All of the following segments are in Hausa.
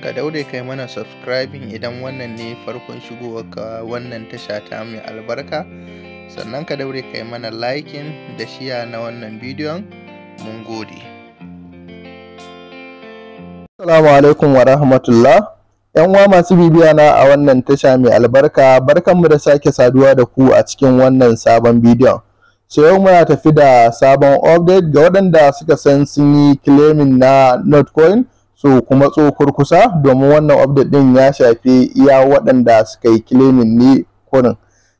ka daure kai mana subscribing idan wannan ne farkon ka wannan tasha ta mai albarka sannan ka daure kai mana liking da shiya na wannan bidiyon mun gode Assalamu alaikum wa rahmatullah yan uwa masu bibiya na a wannan tasha mai albarka barkanmu da sake saduwa da ku a cikin wannan sabon bidiyon so yau muna tafi da sabon update ga waɗanda suka san sun yi claiming na notcoin so kuma tsohuwar kusa domin wannan update din ya shafi iya waɗanda suka yi claiming ne kurin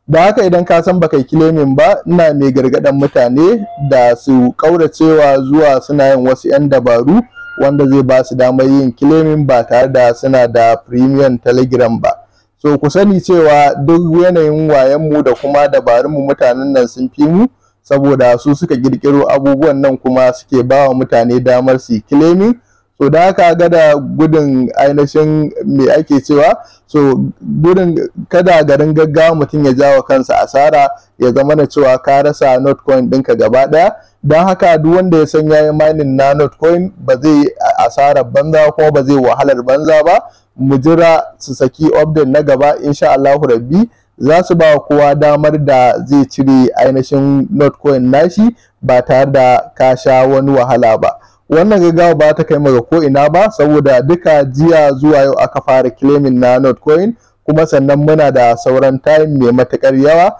da haka idan ka san baka yi claiming ba ina mai gargaɗan mutane da su ƙauracewa zuwa suna yin wasu 'yan dabaru wanda zai ba su damar yin claiming ba tare da suna da premium telegram ba so ku sani cewa duk yanayin mu da kuma dabarun mu mutanen nan sun fi mu saboda su suka ƙirƙiro abubuwan nan kuma suke bawa mutane damar su yi claiming so da haka ga da gudun ainihin me ake cewa so gudun kada garin gaggawa mutum ya jawo kansa asara ya zama na cewa ka rasa notcoin ɗinka gaba ɗaya don haka duk wanda ya san yayi mining na notcoin ba zai asarar banza ko ba zai wahalar banza ba mu jira su saki Obdin na gaba insha Allahu rabbi za su ba kowa damar da zai cire ainihin notcoin nashi ba tare da ka sha wani wahala ba wannan gaggawa ba ta kai maga ko ina ba saboda duka jiya zuwa yau aka fara claiming na notcoin kuma sannan muna da sauran time mai matukar yawa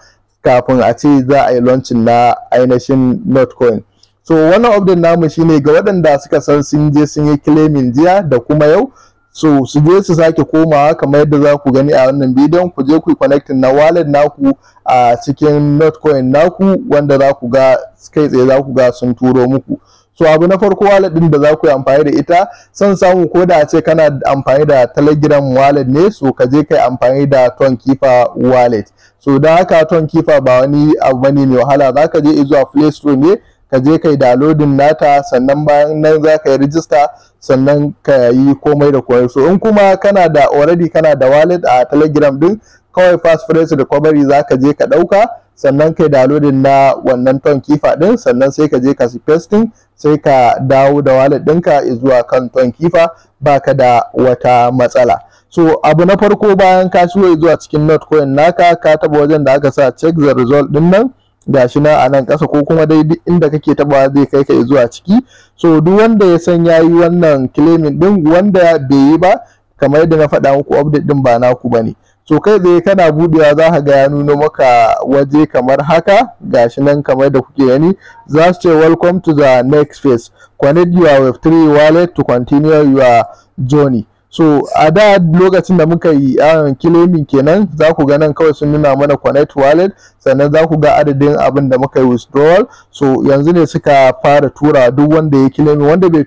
kafin a ce za a yi launching na ainihin notcoin so wannan update namu shine ga waɗanda suka san sun je sun yi claiming jiya da kuma yau so su je su sake komawa kamar yadda za ku gani a wannan bidiyon ku je ku yi connecting na wallet naku a cikin notcoin naku wanda za ku ga kai tsaye za ku ga sun turo muku so abu na farko wallet din da za ku yi amfani da ita son samu ko da a ce kana amfani da telegram wallet ne so ka je kai amfani da ton kifa wallet so don haka ton kifa ba wani abu bane mai wahala za ka je zuwa play store ne ka je kai downloading nata sannan bayan nan za ka yi rijista sannan ka yi komai da komai so in kuma kana da already kana da wallet a telegram din kawai fast fresh recovery za ka je ka ɗauka sannan kai downloading na wannan ton kifa din sannan sai ka je ka pasting sai ka dawo da wallet ɗinka zuwa kan ton kifa baka da wata matsala so abu na farko bayan ka shigo zuwa cikin notcoin naka ka taba wajen da aka sa check the result din nan gashi na a nan ƙasa ko kuma dai duk inda kake tabawa zai kai ka zuwa ciki so duk wanda ya san yayi wannan claiming din wanda bai yi ba kamar yadda na faɗa muku update din ba naku bane so kai tsaye kana budewa za ka ga ya nuno maka waje kamar haka gashi nan kamar da kuke yani. za su ce welcome to the next phase connect your web3 wallet to continue your journey so a da lokacin da muka yi yawan kilimin kenan za ku ga nan kawai sun nuna mana connect wallet sannan za ku ga adadin abin da muka yi withdrawal so yanzu ne suka fara tura duk wanda ya kilimin wanda bai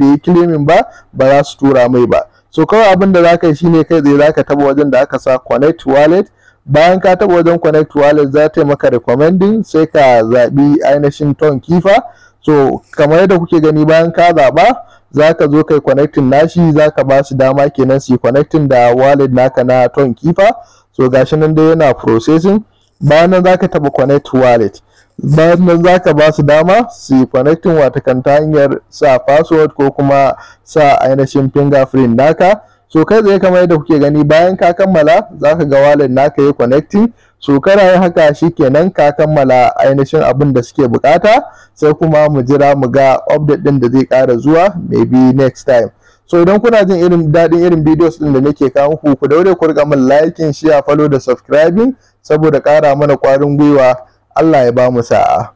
yi kilimin ba ba za su tura mai ba so kawai abin da za ka yi shine kai zai za ka taba wajen da aka sa connect wallet bayan ka taba wajen connect wallet za ta yi maka recommending sai ka zaɓi ainihin ton kifa so kamar yadda kuke gani bayan ka zaɓa za ka zo kai connecting nashi za ka ba su dama kenan su yi connecting da wallet naka na ton kifa so gashi nan dai yana processing bayan nan za ka taba connect wallet bayan nan za ka ba su dama su yi connecting watakan ta hanyar sa password ko kuma sa ainihin fingerprint naka so kai zai kamar yadda kuke gani bayan ka kammala za ka ga wallet naka yi connecting so kana yin haka shikenan ka kammala ainihin abin da suke bukata sai kuma mu jira mu ga update din da zai kara zuwa maybe next time so don kuna jin irin daɗin irin videos ɗin da nake kawo ku ku daure ku rika min likin share follow da subscribing saboda ƙara mana ƙwarin gwiwa Allah ya ba mu sa'a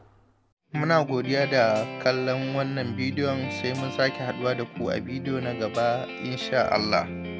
muna godiya da kallon wannan bidiyon sai mun sake haduwa da ku a bidiyo na gaba insha Allah